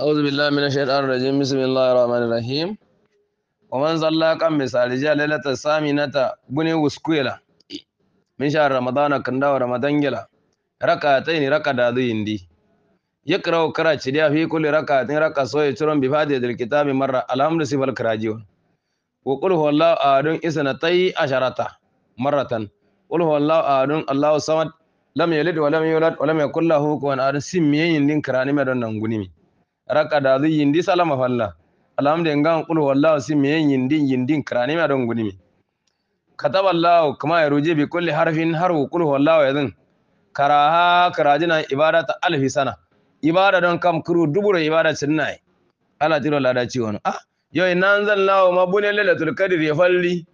أعوذ بالله من الشيطان الرجيم بسم الله الرحمن الرحيم ومن صلى مثال جاء ليلة الثامنة بني وسكويلا من شهر رمضان كندا ورمضان جلا ركعتين ركع دادو يندي يقرأ كرا تشديا في كل ركعتين ركع سوي ترون بفاتحة الكتاب مرة الحمد سيف الكراجيون وقل هو الله أحد إسنتي عشرة مرة قل هو الله أحد الله صمد لم يلد ولم يولد ولم يكن له yakul lahu kufuwan ahad كراني مدن karani da zu yindi salama falla alhamdu ngan qul wallahu si me yindin yindin krani ma don gunimi kataba allah kuma ya ruje bi kulli harfin haru qul wallahu yadin karaha karajina ibadata alfi sana ibada don kam kuru dubura ibada sinnai ala tiro la da ciwon ah yo nan zan lawo ma bune lailatul qadr ya falli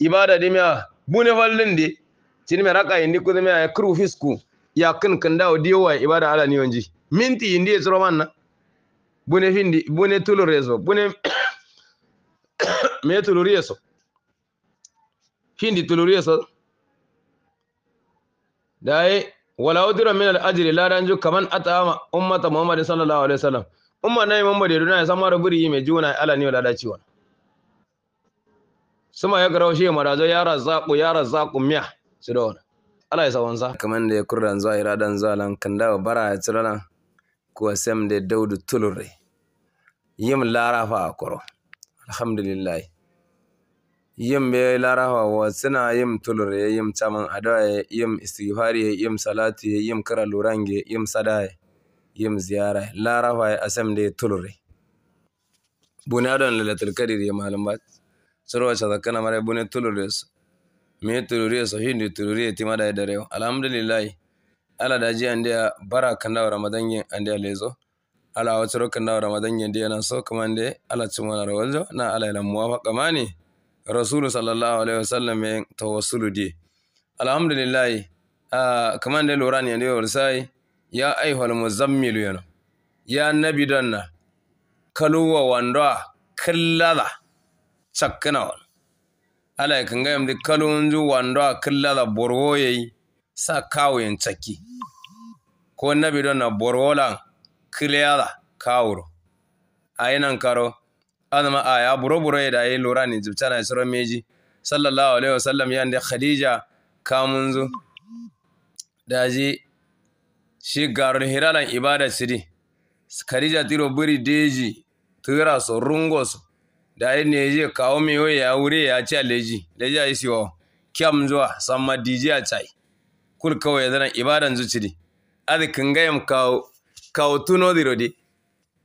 ibada miya, bune fallin de me raka yindi kuma ya kuru fisku ya kin kin dawo diwa ibada ala ni wonji minti yindi ya tsoro manna bune hindi bune tulureso bune me tulurieso hindi tulurieso dai wala udira min al-ajri la ranju kaman atama ummata muhammad sallallahu alaihi wasallam umma nayi de duna ya mara buri mai juna ala ni wala ciwon suma ya garau shi marazo ya razaqu ya razaqu miya sidona ala wannan Allah ya sawansa kaman da ya kurdan zuwa iradan zuwa lan bara ya tsira ko semde Daudu tulure yim larafa koro alhamdulillahi yim be larafa wa wo sina yim tulure yim caman adawa yim istighfari yim salatu yim kara lurange yim sada yim ziyara larafa laara fa ye asemde tolorre bune aɗon kadir yim malum bat sorowa catakkana mara bune tolorre so mi tulure so hindi tulure timada derew alhamdulillahi ala daji andia bara kan dawo kanda ramadange andia lezo ala watro kanda ramadange andia naso kamande ala tumana rawaljo na ala ila muwafaqa mani rasulu sallallahu alaihi wasallam tawassulu di alhamdulillah a kuma uh, lura ne andia wursai ya aihwal muzammilu yana ya nabi donna kaluwa wandoa killada chakkana wala ala kanga yamdi kalunju wandoa killada borwoyeyi sa kawuyen cakki ko nabi don na borola kiliyala kawuro nan karo a aya buro buro da yi lura ni na isro meji sallallahu alaihi wasallam yande khadija kamunzu daji shi garin hiralan ibada sidi khadija tiro buri deji tura so rungo so da ayi ne ji kawo me ya wuri ya ci leji leji ayi siwo kyam zuwa samma dj a chai kul kawai dana ibadan zuciri adi kangayam kaw kaw tuno dirodi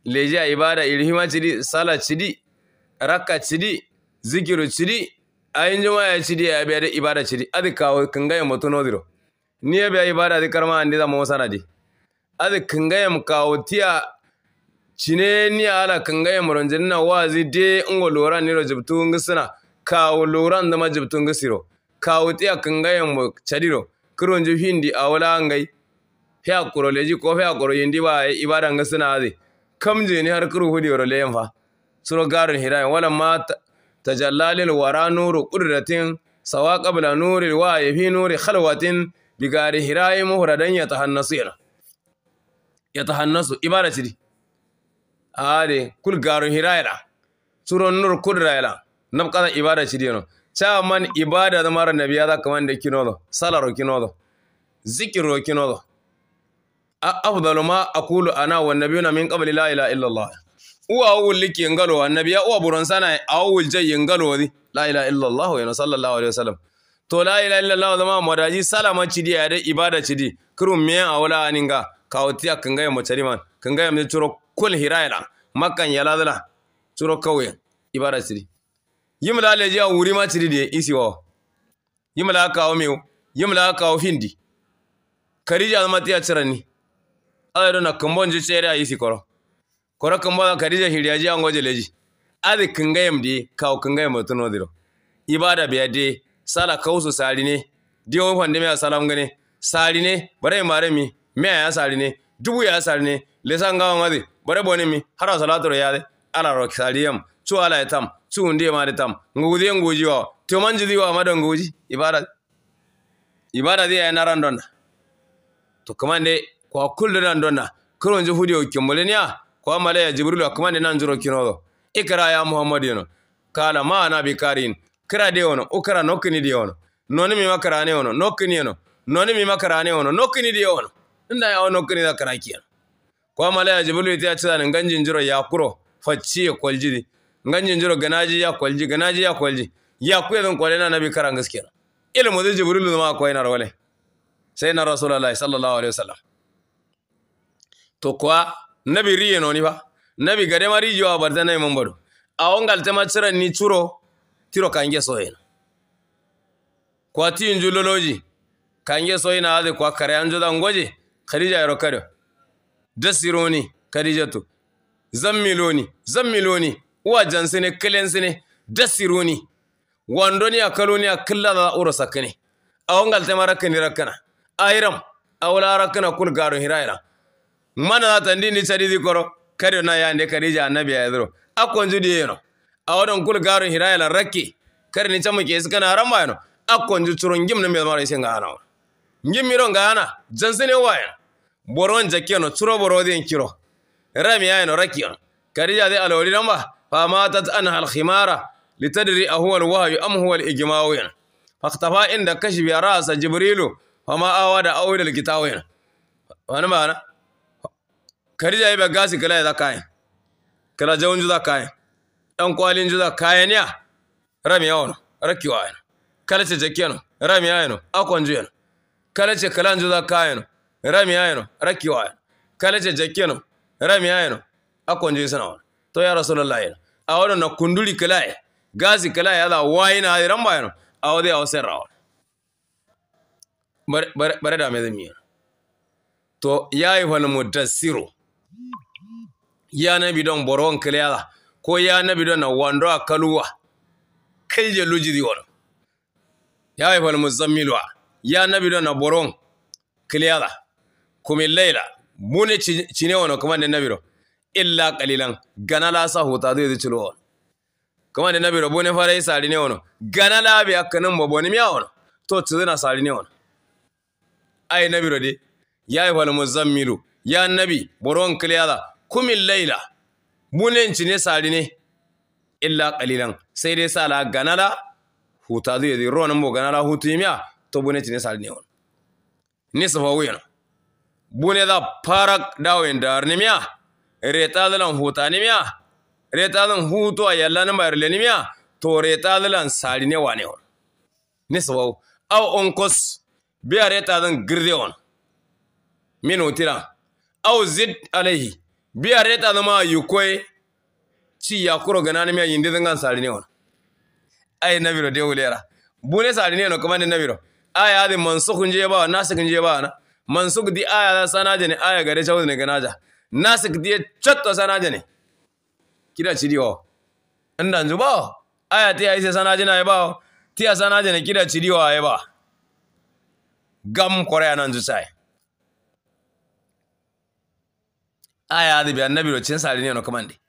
leji a ibada ilhima cidi sala cidi rakka cidi zikiru cidi ayin ya cidi ya biya da ibada cidi adi kaw kangayam tuno diro ni ya biya ibada adi karma andi da mo di. adi kangayam kaw tiya cine ni ala kangayam ronjinna wazi de ungo lura ni jibtu ngisina kaw lura ndama jibtu ngisiro kaw tiya kangayam chadiro kironje hindi awala ngai he akoro leji ko he kuro yindi ba ibada nga suna zai kam je ni har kuro hudi ro leyan fa suro garin hirai wala ma tajallalil wara nuru qudratin sawa qabla nuril wa yafi nuri khalwatin bigari hirai muhradan ya tahannasu ibada tidi ade kul garin hirai da suro nur qudraila nabqada ibada tidi no chaman ibada da mara nabiyada kamanda kinodo salaro kinodo zikiro kinodo afdalu ma akulu ana wa nabiyuna min qabli la ilaha illa allah uwa wulli ki ngalo annabiya uwa buron sana awul jay ngalo di la ilaha illa allah wa sallallahu alaihi wasallam to la ilaha illa allah zama madaji salama chidi ya da ibada chidi kirum me awla aninga kawtiya kanga ya mutariman kanga ya muturo kul hirayla makan yaladala turo kawai ibada chidi yimla le jia wuri ma tiri de isi wa yimla ka o meu yimla ka o findi karija ma tiya tsirani ala kumbo kambon je a isi koro koro kari karija hiriya jia ngoje leji adi kingayam mdi kawo o kingayam no diro ibada biya di sala kawusu sali ne diyo wanda mai sala gane sali ne bada imare mi mea ya sali ne dubu ya sali ne lesan gawa ngadi bada bone mi har salatu ya de ala sali yamu chua ala etamu su ma mari tam ngudi nguji jiwa to manji diwa madan nguji ibada ibada dia yana donna to kamande kwa kullu donna kuron ji hudiyo kimbulenya kwa malaya kuma kamande nan juro kinodo ikra ya muhammadino kala ma na bi karin kira de ono ukra nokni de ono noni mi makara ne ono nokni ono noni mi makara ne ono nokni de ono inda ya ono kni da karakiyan kwa malaya ya ta ce nan ganjin jiro ya kuro facciye kwaljidi ganjin jiro ganaji ya kwalji ganaji ya kwalji ya kuya zan kwale na nabi karan gaskiya ilmu zai jibrilu zama akwai na rawale sai na rasulullahi sallallahu alaihi wasallam to kuwa nabi riye noni ba fa nabi gade mari jiwa barta na imam bado a wangal tema ciran ni turo tiro kange soyena kuwa ti injuloloji kange soyena ade kuwa kare anjo da ngoje khadija yaro kado ni khadijatu zammiloni zammiloni uwa jansine kelensine dasiruni wandoni akaluni akillada uro sakini awongal temara kini rakana airam awla rakana kul garu hiraira mana ta ndini chadidi koro Kare na yande kadija annabi ayadro akonju diyeno awodon kul garu hiraira rakki kare ni chamu kesi kana aramba yano akonju churungim na miyamara isenga ana ngimiro ngana jansine waya. boron jakiyono churo borodi enkiro rami ayano rakiyono kadija de alawli namba فماتت أنها الخمارة لتدري أهو الوهي أم هو الإجماوين فاختفى عند كشف رأس جبريل فما أود أول الكتاوين wani ma'ana karija yi bagasi kala za kayan kala jawon juza kayan ɗan kwalin juza kayan ya rami yawon rakiwa yana kala ce jaki yana rami yana akon ju yana kala ce kalan juza kayan rami yana rakiwa yana kala ce jaki yana rami yana akon ju sana wani to ya a wani na kunduli kalai gazi kalaye na hadiran bayan a wadai a awse rawa bare da mezan miya to ya yi wani mudassiru ya na bidon boron kalaye ko ya na bidon na wando a kaluwa kai je lujidi wani ya yi wani muzammilwa ya na bidon na boron kalaye kuma laila mune cine wani kuma ne na bidon illa gana ganala sa hota zai cilo lo kuma da nabi rabu ne fara yi sari ne wono ganala bi akkanin babo ne miya wono to ci zina sari ne wono ai nabi rade, ya yi zan milu, ya nabi boron kiliyada kumin laila mulinci ne sari ne illa kalilan sai dai sa la, ganala huta zai zai ruwan gana ganala hutu yi miya to bunenci ne sari ne wono nisfa wuyana bune za da dawen miya. retaadalan hutanimiya retaadalan huutuwa yallanima erlenimiya to retaadalan saarine waane Ni sabo, aw onkos biya retaadan girde on minutira aw zid alaihi biya retaadama yukoye ci yakuro sari ne saarine ai na biro de wulera bune ne no na biro. aya adi mansukh njebawa je ba na mansukh di aya da ne aya gare cawdine ganaja nasikdiye chatto sanajane kira chiriyo oh. ba nzuba aya tiya ise sanajana eba tiya sanajane kira chiriyo oh, eba gam korea nanju sai aya adi bi annabi ro cin sare ne no kamande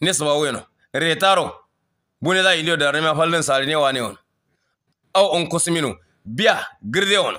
ne saba weno retaro bune da ilio da rema fallin sare ne wane on au on kosminu biya girde ono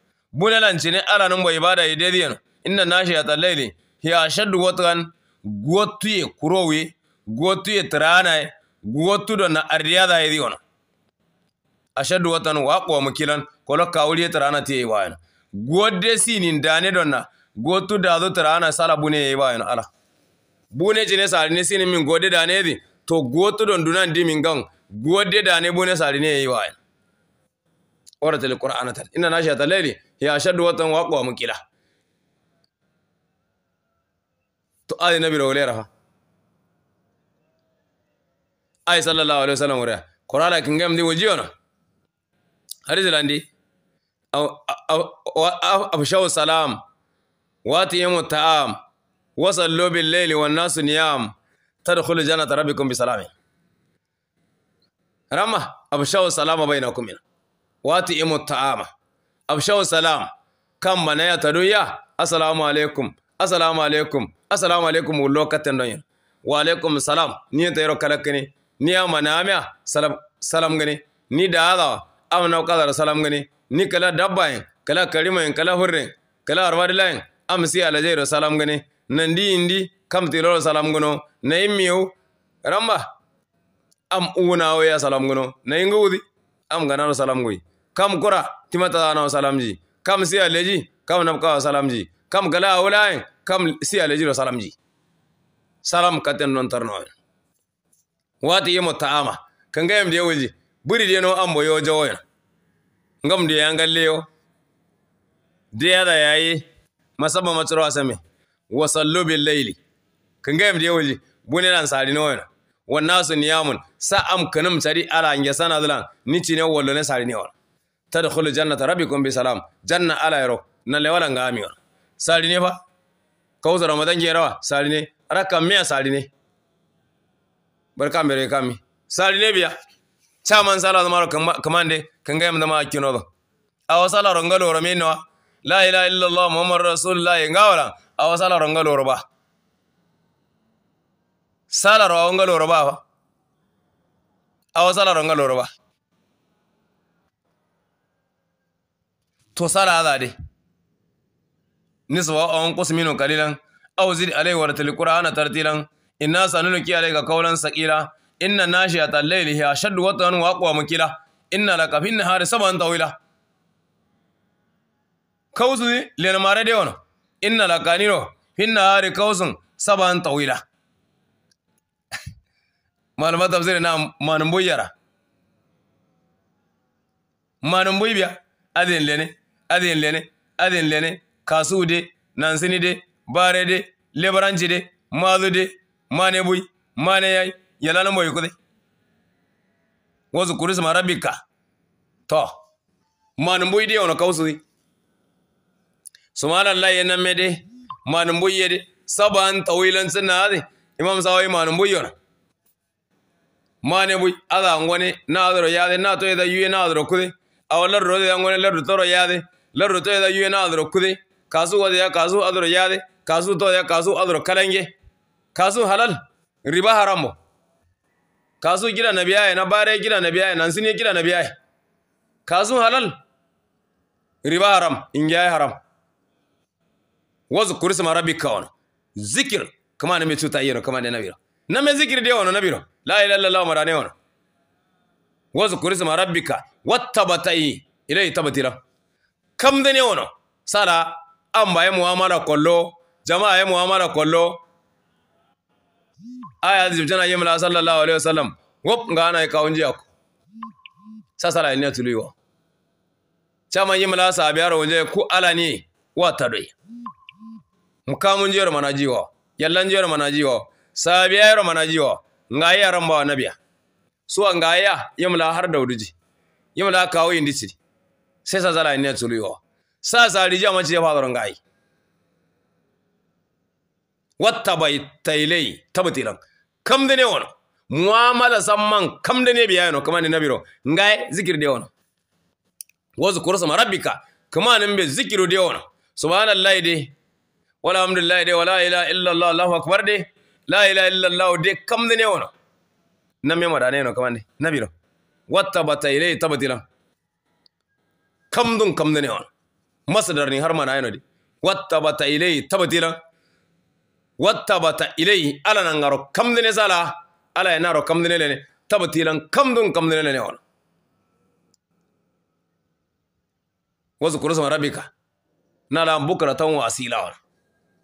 bulalan cini aranun bai bada inda na nashi ya tallaili hiya shaddu watran ya kurowe gwatu trana gotudo na arriyada A shaɗu watan waqwa mukilan kolo ta trana yi wayan godde sinin dane donna gotu dado trana sala bune ya yi wayan ala bune ne si ni min godde dane ne, to gotu don dunan dimin gang godde dane bune ne ya yi wayan waratil qur'anatan inna nashata layli hiya ashaddu watan wa aqwa muqila to ayi nabi rawle rafa ayi sallallahu alaihi wasallam wara qur'ana kin gam di wajiona harizlandi aw afshaw salam wati yamu ta'am wasallu bil layli wan nasu niyam tadkhulu jannata rabbikum bi salamin ramma afshaw salama bainakum wati imu ta'ama abshaw salam kan mana ya taduya assalamu alaikum assalamu alaikum assalamu alaikum ullo katan don wa alaikum salam ni ta yaro kalakani ni ya manamiya salam salam gani ni da ala amna qadar salam gani ni kala dabba yin, kala yin, kala hurrin kala arwadilayin amsi ala da salam gani di indi kam tiloro salam gano na miyau, ramba am unawo ya salam gano na ingudi am ganaro salam gui kam kura timata na salamji kam siya leji kam salam salamji kam gala wulain kam siya leji salam salamji salam katen non tarno wati yemo taama kanga yem de wulji buri de no ambo yo joyo ngam de yangalle yo de yada yayi masaba matro asame wasallu bil layli kanga yem de wulji buni nan sari no yo wannasu niyamun sa'am kanum sari ala ngesana dalan ni tine wallo ne sari ne wala Ta da tadkhulu jannata rabbikum bi salam janna ala yaro nan lewala ngami sari ne fa kawza ramadan ge rawa sari ne rakka me sari ne barka mere kami sari ne biya chaman sala zamaro kamande kangayam dama kino do awa sala rongalo rame no la ilaha illallah muhammad rasulullah ngawala awa sala rongalo roba sala ro ngalo roba awa sala rongalo roba to sara za dai nisawa awon kusa minu kalilan Au auzir alaiwa da kura ana tartilan ina sanu nuki alai ga saƙira. In na nashi a tallai lihi a shaddu wata wani waƙuwa mukila inna la kafin na hari saman tawila kausu ne lena mara dai wani inna la kaniro na hari kausun saban tawila malamar tafsiri na manumbuyara manumbuyara adin lene adin lene adin lene kasude nansinide de malu de mane buy mane yay yalana moy kude wazu kurisma marabika to man buy de ono kawsudi subhanallah yana mede man buy yede saban tawilan sunade imam sawai man buy yona mane buy ada ngone nadro yade nato yada yuye nadro kude awalar rode ngone lerdo toro yade larro to da yuna adro kude kasu wada ya kasu adro yade kasu to kasu adro kalange kasu halal riba haramo kasu gida na biyaye na bare gida na biyaye nan sine gida na biyaye kasu halal riba haram ingiyaye haram wazu kurisma rabbika wana zikir kama na me tuta yero kama na nabiro na me zikir de wana nabiro la ilaha illallah marane wana wazu kurisma rabbika wattabata ilayhi tabatila ne wono sala amba ye muamala kollo jamaa ye muamala kollo aya zimtana yemla sallallahu alaihi wasallam wop ngana ikaunje yako sasa la ina tuliwa chama sa sabiaro unje ku alani watadoi mkamunjero manajiwa mana manajiwa sabiaro manajiwa ngaya ramba nabiya suwa ngaya yemla har dauduji yemla kawo indisi Sai sa Sasa Sa sa Sasa alijua machi ya zaron gai. bai tailai tabtiran kam ne wono muamala samman kam dene kuma ne nabiro ngai zikir de wono wozu kursa rabbika nan be zikiru de wono subhanallahi de wala alhamdulillah de wala ila illa allah allahu akbar de la ila illa allah de kam ne wono me madane no ne nabiro bai tailai tabtiran kamdun kamdane on masdar ni har mana bata wattabata ilayhi wata wattabata ilayhi ala nan garo kamdane sala ala ne kamdane ne tabtilan kamdun kamdane Wasu on wazkuru sama rabbika nala tan wa asila on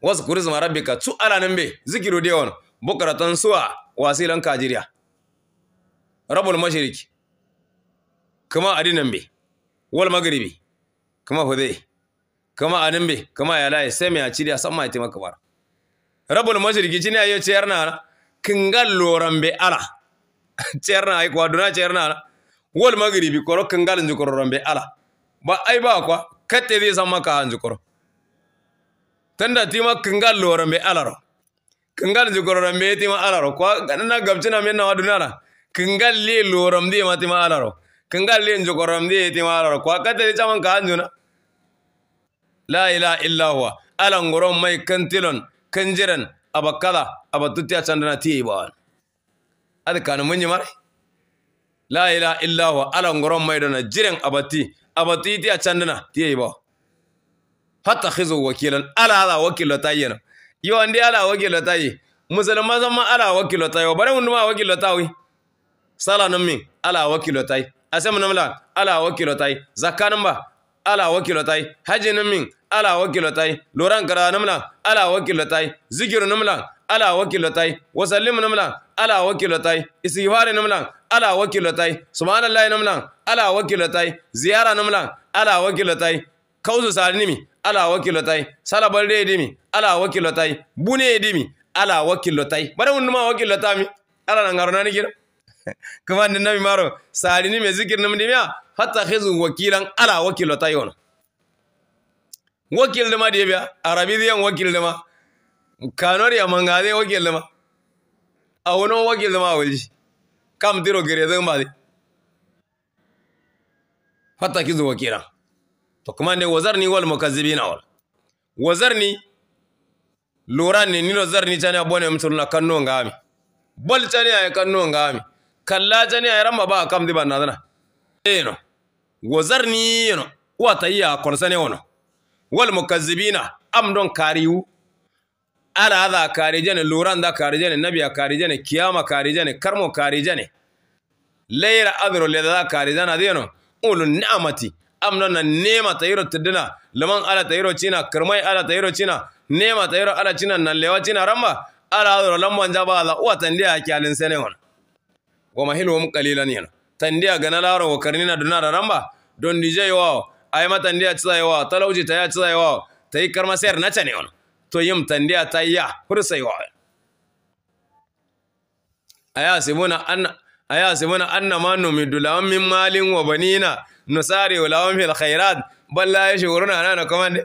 Wasu sama rabbika tu ala nan be zikiru de on tan suwa asilan kajiriya rabul mashiriki kuma adinan be wal magribi kama hude kama adambe kama lai sai mai aciri a samma ite maka bara rabul mashriqi jini ayo cerna kingal be ala cerna ay kwa duna cerna wal magribi koro kingal ran be ala ba ai ba kwa kate zai san maka njukoro tanda tima kingal lorambe alaro kingal njukoro rambe tima alaro kwa na gabcina menna wadunara kingal le loram de ma tima alaro kingalli njokoromdi timaror kwa katari chaman anjuna la ilaha illa huwa alangoron mai kantilon kanjiran abakada abatutya chandana tiyi bawan adi kanu munyi mare la ilaha illa huwa alangoron mai dona jiren abati abati tiya chandana tiye bawa hatta khizu wakilan ala ala wakil tayyana yo andi ala wakil tayyi musulma zama ala wakil tayyo bare unduma wakil tawi sala nan min ala wakil tayyi Ase asem namla ala wakilo tai zakkanum ba ala wakilo tai haji min ala wakilo tai loran kara namla ala wakilo tai zikir namla ala wakilo tai wasallim namla ala wakilo tai istighfar namla ala wakilo tai subhanallahi namla ala wakilo tai ziyara namla ala wakilo tai kauzu sarinimi ala wakilo tai salabar dimi, ala wakilo tai bune dimi, ala wakilo tai bare unma wakilo tami ala nangarona ni kira kuma ni nabi maro sali ni me zikir ni mdimya hatta khizu wakilan ala wakil wata yona wakil dama de biya arabi diyan wakil dama kanori amanga de wakil dama awono wakil dama awulji kam tiro gere zan ba de hatta khizu wakilan to kuma ne wazarni wal mukazibina wal wazarni lorani nilo zarni chani abone mtu na kanno ngami bol chani ay kanno ngami kalla jani ay ramba ba kam diba nadana eno wazarni eno wata iya konsane wano wal mukazzibina amdon kariwu ala kari jani luranda karijane nabiya jani kiyama jani karmo karijane layra adro ledada karijana adeno ulu ni'amati amnon na nema tayiro tidina laman ala tayiro china karmai ala tayiro china nema tayiro ala china nan lewa china ramba ala adro lamban jaba ala watan dia kyalin sene wano wa mahiluhum qalilan yana tandiya gana laro wa karnina dunara da ramba don dije wa ai ma chila tsaya wa talauji ta ya tsaya wa ta yi karma sayar na tane wani to yim tandia ta ya hursai wa aya sibuna anna aya sibuna anna ma numidu lahum min malin wa banina nusari lahum fil khairat bal la yashuruna anana kumande.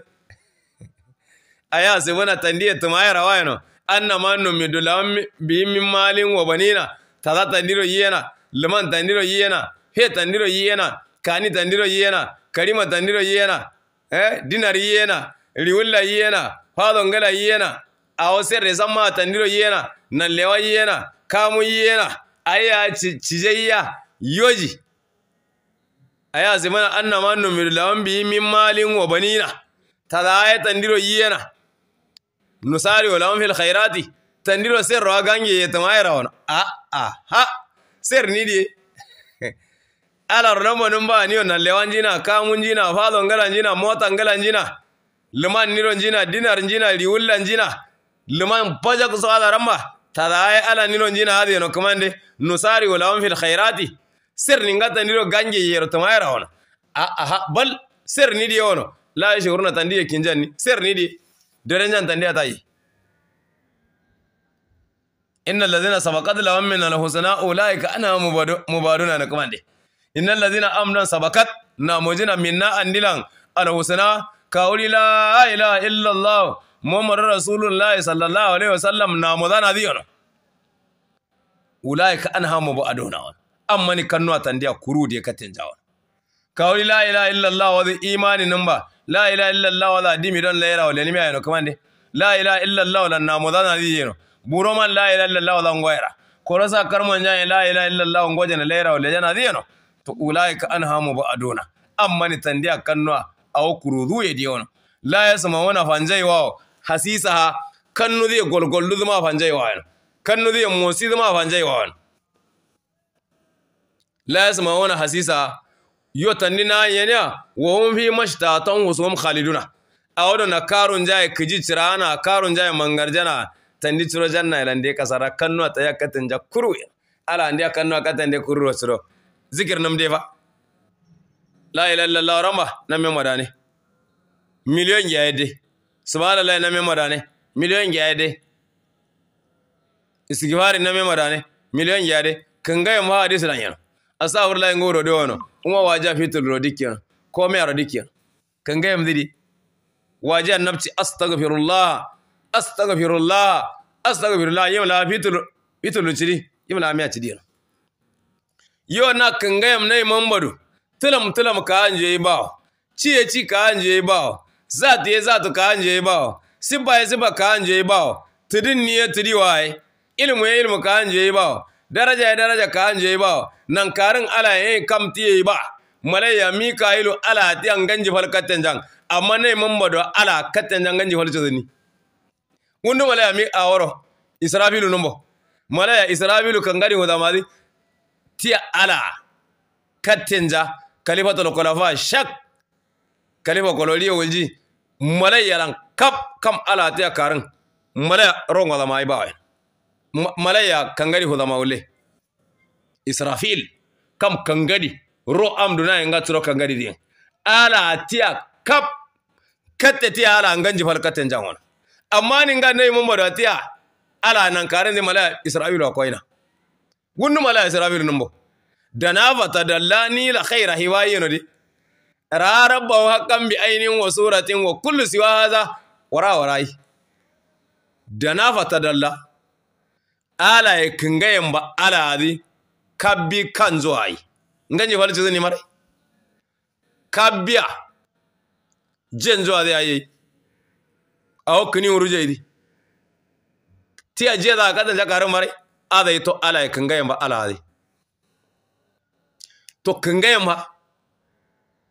aya sibuna tandia tumayara wa yana anna manu numidu lahum bi min malin wa banina tata tandiro yiyena liman tandiro yena, he tandiro yena, kani tandiro yena, karima tandiro yiyena eh dinar yiyena riwulla yiyena fadongala yiyena awosere samma tandiro yiyena nallewa yena, kamu yena, aya ya yoji aya simana annama numiru lawan biyi, min malin wa banina tata aya tandiro yiyena nusari wa lawan fil khairati tandiro ser ro gangi ye tama era wono a a ha ser ni di ala rono numba ni ona lewanjina kamunjina falo ngala njina mota ngala njina liman niro njina dinar njina liwulla njina liman paja ko sala ramba tada ay ala niro njina hadi no kamande nusari wala on fil khairati ser ni ngata niro gangi yero tama era wono a a ha bal ser ni di wono la shuruna tandiye kinjani ser ni di derenjan tandiya tayi innal ladhina sabaqat lahum min al-husna ulaika ana mubaduna na kuma de innal ladhina amnan sabaqat na mujina minna andilan al Ka kauli la ilaha illa allah muhammadur rasulullah sallallahu alaihi sallam na mudana diyon ulaika anha mubaduna amma ni kanno tandiya kuru de katenjawa kauli la ilaha illa allah wa imani namba la ilaha illa allah wa dimi don la ilaha illa allah wa la ilaha illa allah na mudana diyon buro man la ilaha illallah wa gwaira. koro sa karman ja la ilaha illallah wa gojana laira wa lejana diyano to an hamu ba aduna amma ni tandiya kanwa aw kurudu ye diyono la yasma wana fanjai wa hasisa ha kannu diye golgollu duma fanjai wa kannu diye mosi duma fanjai wa la sama wana hasisa yo tandi na yenya wa hum fi mashtatan husum khaliduna awdo na karun jaye kiji cirana karun jaye mangarjana tandi curo janna ilande kasara kanno ta yakatin ja kuru ala andiya kanno akata ndi kuru suro zikir nam deva la ilaha la ramba namme madane million yaede subhanallah namme madane million yaede istighfar namme madane ya yaede kanga mu hadisi na yana asahur la ngoro de wono umwa waja fitul rodikiyan ko me rodikiyan kanga mu didi waja nabti astaghfirullah astagfirullah astagfirullah yau la fitul fitul ciri yau la miya ciri yau na kangayam nai mambadu tulam tulam ka anje ba ciye ci ka anje ba zat ye zat ka anje ba siba ye siba ka anje ba tudin niye tudi waye ilmu ye ilmu ka anje ba daraja ye daraja ka anje ba nan karin ala ye kam tiye ba malaya mikailu ala ti an ganji falkatan jang amma nai mambadu ala katan jang ganji falkatan ni wundu malaya mi aworo israfilu numbo malaya israfilu kangari hudamadi tiya ala kattenja kalifatul khulafa shak kalifa kololiyo wulji malaya lan kap kam ala tiya karin malaya rongo da mai bawai malaya kangari hudama wulle israfil kam kangari ro amduna nga turo kangari din ala tiya kap katte tiya ala nganji fal katten jangona amma ni nga ne mun badatiya ala nan karen de mala isra'ilu akoina gunnu mala isra'ilu nan Da dana fata dallani la khaira no di wa hakan bi ainin wa suratin wa kullu siwa hadha wara warai dana fata dalla ala e kingayen ba ala di kabbi kan zuwa yi nganje falci zani mare kabbiya jen zuwa zai ayi awokini urujeydi ti a kadan jakarin mare adai to ala ya kangayan ba ala adai to kangayan ba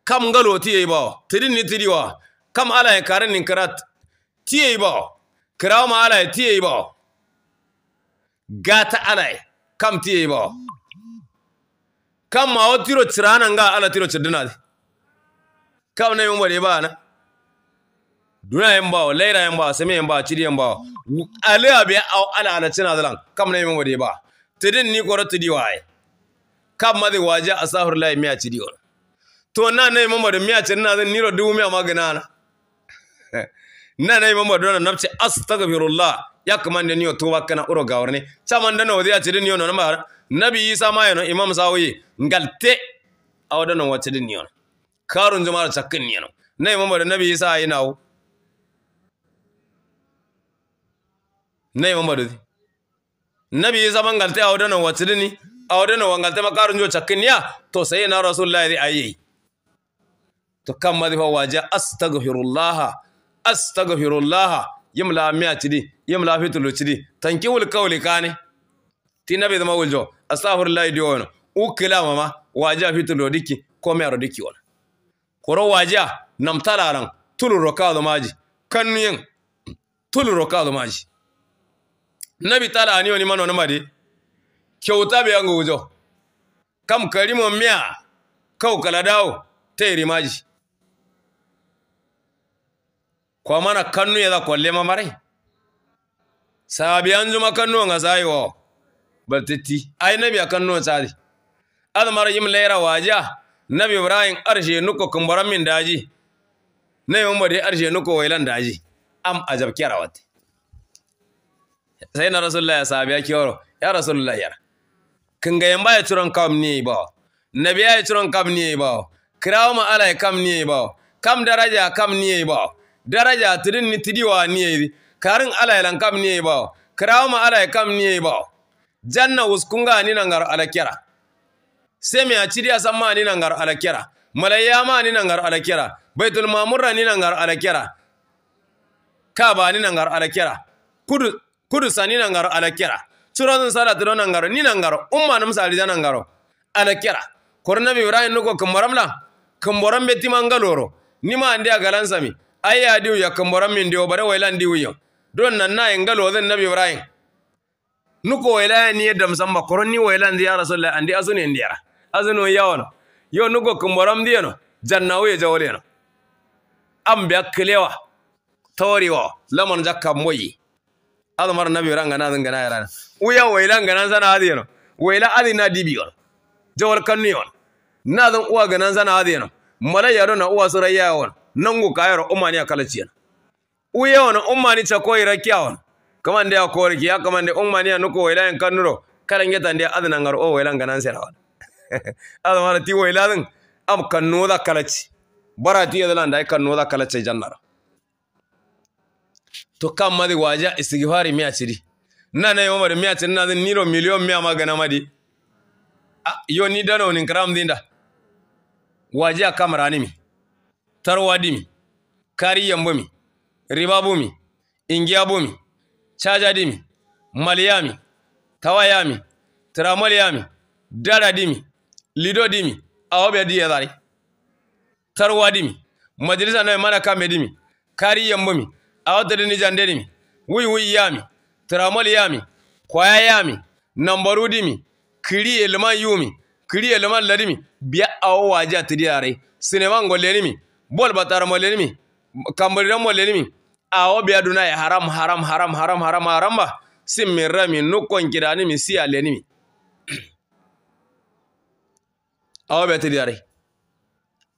kam galo ti yayi ba tidin ni tidi wa kam ala ya karin ni karat ti yayi ba Kira ma ala ya ti yayi ba gata ala kam ti yayi ba kam ma wa tiro tirana nga ala tiro chidina kam na yi bare ba na duna yan ba laira yan ba sami yan ba ciri yan ba alia abi au ala ala cina zalan kam ne mun de ba tidin ni koro tidi wai kam ma de waje asahur lai miya ciri on to na na mun da miya ciri na zan niro dubu miya magana na na ne mun da na nafsi astaghfirullah ya kaman da niyo tuba kena uro gawar ne saman da no zai ciri niyo no ma nabi isa ma yana imam sawi ngalte awda no wacce din niyo karun jama'a sakkin niyo na imam da nabi isa yana ne man badodi nabi zaman galte awdono watsidini awdono wangalte makarunjo chakkinya to sayyidina rasulullahi di ayi to kamma di fawaja astaghfirullah astaghfirullah yimla miya chidi yimla fitulu chidi tanki wul kawli kane ti nabi zama wuljo astaghfirullah di wono ukila mama waja fitulu diki kome aro diki wona koro waja namtalaran tulu rokado maji yeng. tulu rokado maji nabi tala ani oni mano namadi kyauta be yango ujo kam karimo miya, kau kala dawo teri maji kwa mana kannu ya kwalle mamare sabi ma kannu nga sai batiti ai nabi akannu sadi admar yim lera waja nabi ibrahim arshe nuko kumbaramin min daji ne umma dai arshe nuko wailan daji am ajab kirawati sai na rasulullah ya sabi ya kiyoro ya rasulullah yar kin ga yamba ya turon kam ni ba nabi ya turon kam ni ba kirawo ma ala kam ni ba kam daraja kam ni ba daraja tudin ni tidiwa ni karin ala lan kam ni ba kirawo ma ala kam ni ba janna uskunga ni nangar ala kira seme a cidiya san ma ni nangar ala kira ma ni nangar ala kira baitul mamurra ni nangar ala kira kaba ni nangar ala kira kudu kudusa ni nangaro ala kera suratun salatiro nangaro ni nangaro umma nam salida nangaro ala kera bi ibrahim nuko kambaramla kamboram beti mangaloro nima andi agalansami ayya diu ya kumboram min diu bare wailan diu yo don nan na engalo den nabi ibrahim nuko waila ni yedam samba koroni wailan ya rasulullah andi azuni ndiyara azuno yawono yo nuko kamboram diyano jannawo ye jawoleno kilewa. aklewa wa. lamon jakka moyi ado mara nabi ranga na zanga na rana. uya wailan ganan sana adi yano waila adi na dibi gon jawal kanni yon na zan uwa gana sana adi yano mala yaro na uwa surayya yon nangu kayaro umani akalaci yana uya wana umani chakoyi rakiya wana kamande ya koriki ya kamande umani ya nuku waila yan kannuro karan yata ndi adi nangar o wailan ganan sana wana ado mara ti waila zan ab kannoda kalaci bara ti nda dai kannoda kalaci jannar to kan madi waja istighfari miya ciri na na yomar miya ciri na niro miliyon miya magana madi ah yo ni dano nin karam dinda waja ni. mi tarwadi mi kari yambo mi riba bumi. mi ingiya mi caja di mi maliya mi tawaya mi tiramaliya mi dara di mi lido di mi awobe di yadari tarwa mi majalisa na mana kame di mi kari yambo mi awatede ni mi. wuyi wuyi yami tramol yami kwaya yami mi. kiri eleman yumi kiri eleman ladimi biya awo waji atidi sinema sineman mi. bol batara mollenimi kambariran mollenimi awo biya duna ya haram haram haram haram haram haram ba sin min rami nukon kidanimi si alenimi awo biya tidi are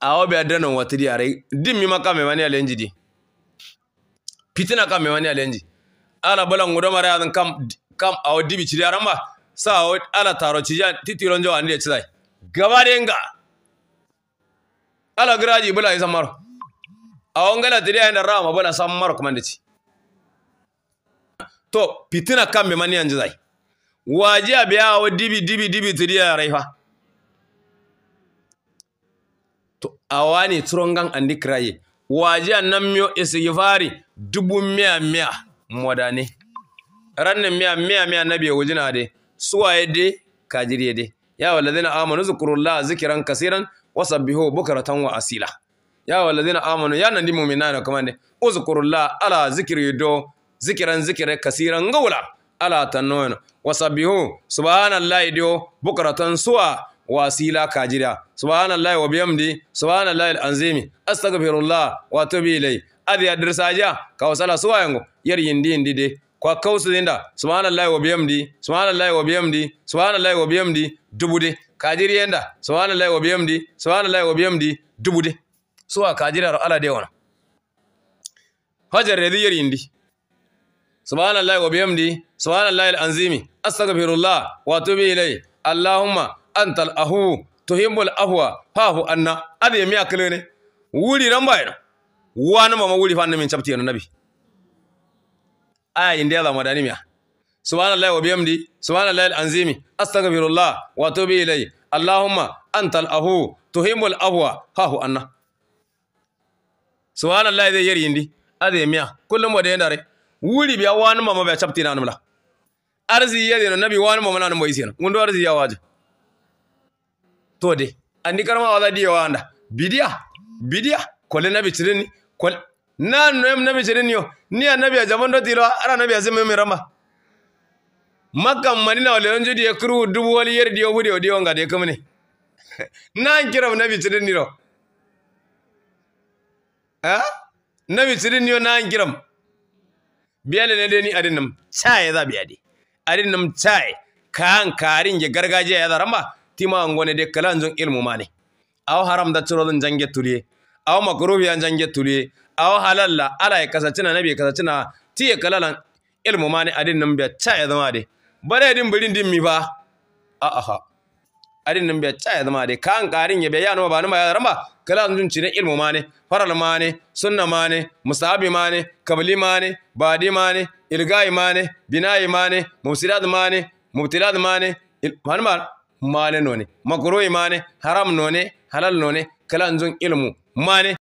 awo biya danon ma are dimmi makame mani alenjidi fitina kam me wani alenji ala bolan ngudo mara yan kam kam awo dibi chiri aramba sa awo ala taro chija titiron jo ande chidai gaba denga ala graji bula isa maro awo ngala tiri ayna rama bula sam maro kumande chi to fitina kam me mani anjidai waje abi awo dibi dibi dibi tiri araifa to awani turongan andi kraye waje annamyo isigifari dubu miya mia modane ranne miya miya miya nabi wujina de suwaye de kajiriye de ya walladhina amanu zkurullaha zikran kaseeran wasabbihu bukara wa asila ya walladhina amanu ya nandi mu'minana kamande uzkurullaha ala zikri do zikiran zikire kasiran gawla ala tanoyno wasabbihu subhanallahi do bukratan suwa wasila kajira subhanallahi wa bihamdi subhanallahi alazimi astaghfirullah wa atubu ilayhi adi adir saja suai suwayango yar yindi yindi de kwa kawsulinda subhanallahi wa bihamdi subhanallahi wa bihamdi subhanallahi wa bihamdi dubude kajiri yenda subhanallahi wa bihamdi subhanallahi wa Dubu dubude suwa kajiri aro ala de wona hajar redi yar yindi subhanallahi wa bihamdi subhanallahi al-anzimi astaghfirullah wa atubu ilai allahumma antal ahu tuhimbul ahwa fahu anna adi miya kalene wuri ran wana mama wuli fanna min chapti nabi aya indela madani miya subhanallahi wa bihamdi subhanallahi alazimi astaghfirullah wa atubu ilay allahumma antal ahu tuhimul ahwa hahu anna subhanallahi zai yari indi ade miya kullum wa da re wuri biya wani mama biya chapti na namla arzi ya zai nabi wani mama na namo isina gundo arzi ya waje to dai andi karma wala diya anda bidiya bidiya kole nabi tirini Kwal. na nabi yo ni annabi do tilo ara annabi azime mirama makka madina wala yonjo di kru dubu wali yer di obudi odi onga de kamne nan kiram nabi jirinyo ha nabi jirinyo nan kiram biyale ne de ni adinam chaye za biyade adinam chai kan karin je gargajiya ya zaramba tima ngone de kalanzon ilmu mane aw haram da turo zan jange turiye aw makruhi an jange tuli aw halalla ala ya kasacina nabi kasacina ti ya kalalan ilmu mani adin nan biya cha ya zama de. bare din birin din mi ba a aha adin nan biya cha ya zama de kan karin ya biya no ba numa ya ramba kalalan jun cire ilmu mani faral mani sunna mani musabi mani kabli mani badi mani ilgai mani binai mani musirad mani mubtilad mani hanmar mane none makruhi mani haram none halal kalan kalanzun ilmu money